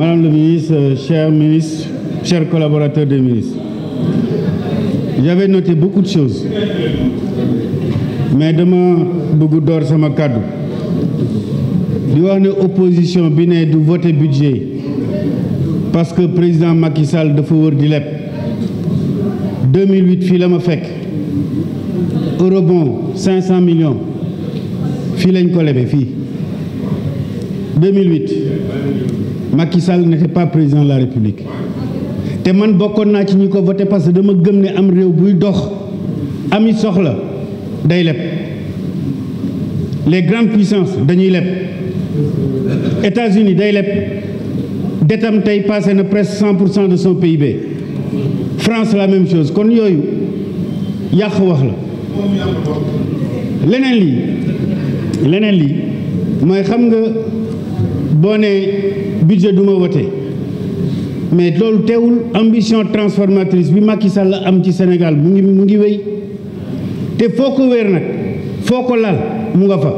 Madame la ministre, euh, chers ministres, chers collaborateurs des ministres, j'avais noté beaucoup de choses. mais d'or, ça m'a sama Il y a une opposition bien de de voter budget parce que le président Macky Sall de fouvre 2008 il fait eurobond 500 millions Il lañ 2008 Macky Sall n'était pas président de la République te man bokkoon naa ci ñi ko voté parce que dama gëm ne am réew buy dox ami soxla day leb les grandes puissances dañuy leb États-Unis day leb detam tey passé na presque 100% de son PIB France la même chose kon Yoyu, yàq wax la leneen lii leneen lii mooy xam nga boo nee budget du ma mais loolu téwul ambition transformatrice bi Macky Sall am ci Sénégal mu ngi mu ngi wéy té foko ko wéer nag lal mu nga fa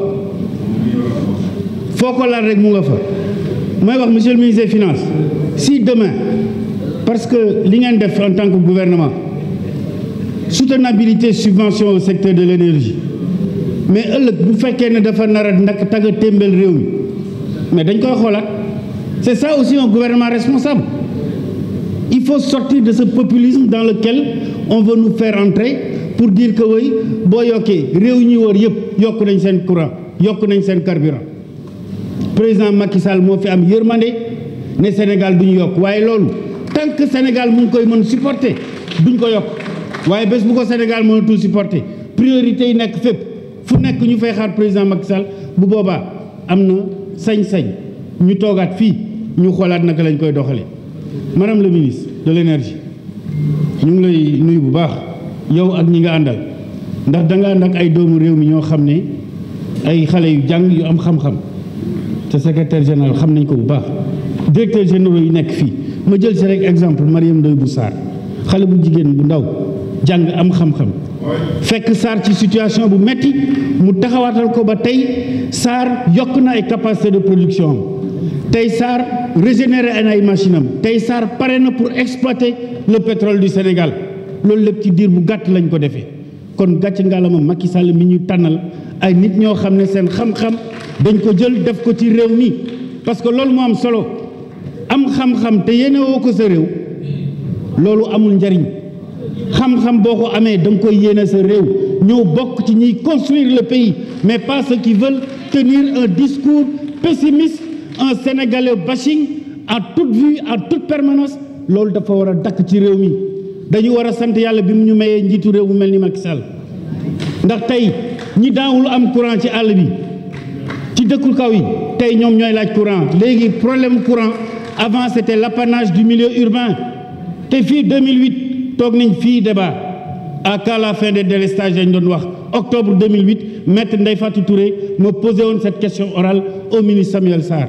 foko lal rek mu nga fa mooy wax monsieur le ministre des finances si demain parce que li ngeen def en tant que gouvernement soutenabilité subvention au secteur de l'énergie mais ëlëk bu fekkee né dafa nar a ndak taga témbel réew mi mais dañ koy xoolaat c'est ça aussi un gouvernement responsable. Il faut sortir de ce populisme dans lequel on veut nous faire entrer pour dire que oui, boy ok, réunir ñi wër yëpp yokk nañ il courant a nañ carburant. carburant président Macky Sall m'a fait am le le Sénégal du ñu yokk waaye tant que Sénégal mu koy supporté, supporter duñ ko yokk waaye bés bu ko Sénégal supporter priorité yi fait. Il faut que nous fay xaar président Macky Sall bu boobaa am na sañ-sañ ñu ñu xoolaat naka lañ koy doxale madame la ministre de l'énergie ñu ngi lay nuyu bu baax yow ak ñi nga àndal ndax da nga ay doomu réew mi ñoo xam ne ay xale yu jàng yu am xam-xam te secretaire général xam nañ ko bu baax directeur généraux yi nekk fii ma jël si rek exemple Mariam Ndoye bu saar xale bu jigéen bu ndaw jàng am xam-xam fekk Sarr ci situation bu metti mu taxawaatal ko ba tey Sarr yokk na ay capacité de production tey régénère régénéré an ay machine am pour exploiter le pétrole du Sénégal loolu lépp ci diir bu gàtt lañ ko defee kon gàcc ngaalama Macky Sall mi ñu tànnal ay nit ñoo xam ne xam-xam dañ ko jël def ko ci mi parce que loolu mo am solo am xam-xam te yéene ko sa réew loolu amul njariñ xam-xam boo ko amee da koy yéene sa ci construire le pays mais pas ceux qui veulent tenir un discours pessimiste un sénégalais bashing à toute vue à toute permanence l'autre dafa war a dakk ci réew mi dañu wara a yalla bimu ñu maye njitu réew mu melni ni Macky Sall ndax tay ñi daawul am courant ci àll bi ci dëkku kaw yi tay ñom ñoy laaj courant légui problème courant avant c'était l'apanage du milieu urbain té fi 2008 tok nañ fi débat à la fin de délestages lañ doon wax octobre 2008 maître Ndey Fatou Touré me posé cette question orale au ministre Samuel Sarr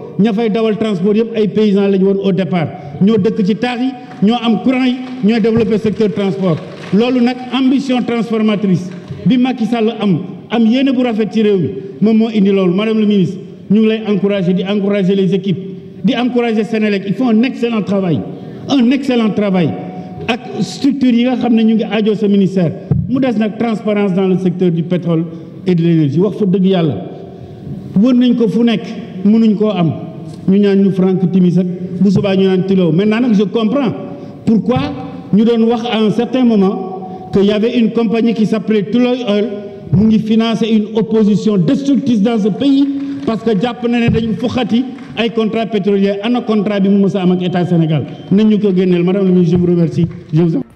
Nous fay dawal transport yépp ay paysans lañ woon au départ ñoo dëkk ci taax yi ñoo am courant yi développer développé secteur transport loolu nag ambition transformatrice bi Macky Sall am am yéene bu rafet ci réew mi moom moo indi loolu madame le ministre ñu ngi lay encouragé di encouragé les équipes di encouragé Sénélec ils font un excellent travail un excellent travail ak structure yi nga xam ne ñu ngi sa ministère mu des nag transparence dans le secteur du pétrole et de l'énergie wax fa dëgg yàlla wër nañ ko fu nekk mënuñ am ñu je comprends pourquoi nous avons wax à un certain moment que y avait une compagnie qui s'appelait Tuloyol Oil mu une opposition destructrice dans ce pays parce que japp na contrat pétrolier ana contrat bi mu am ak Sénégal je vous remercie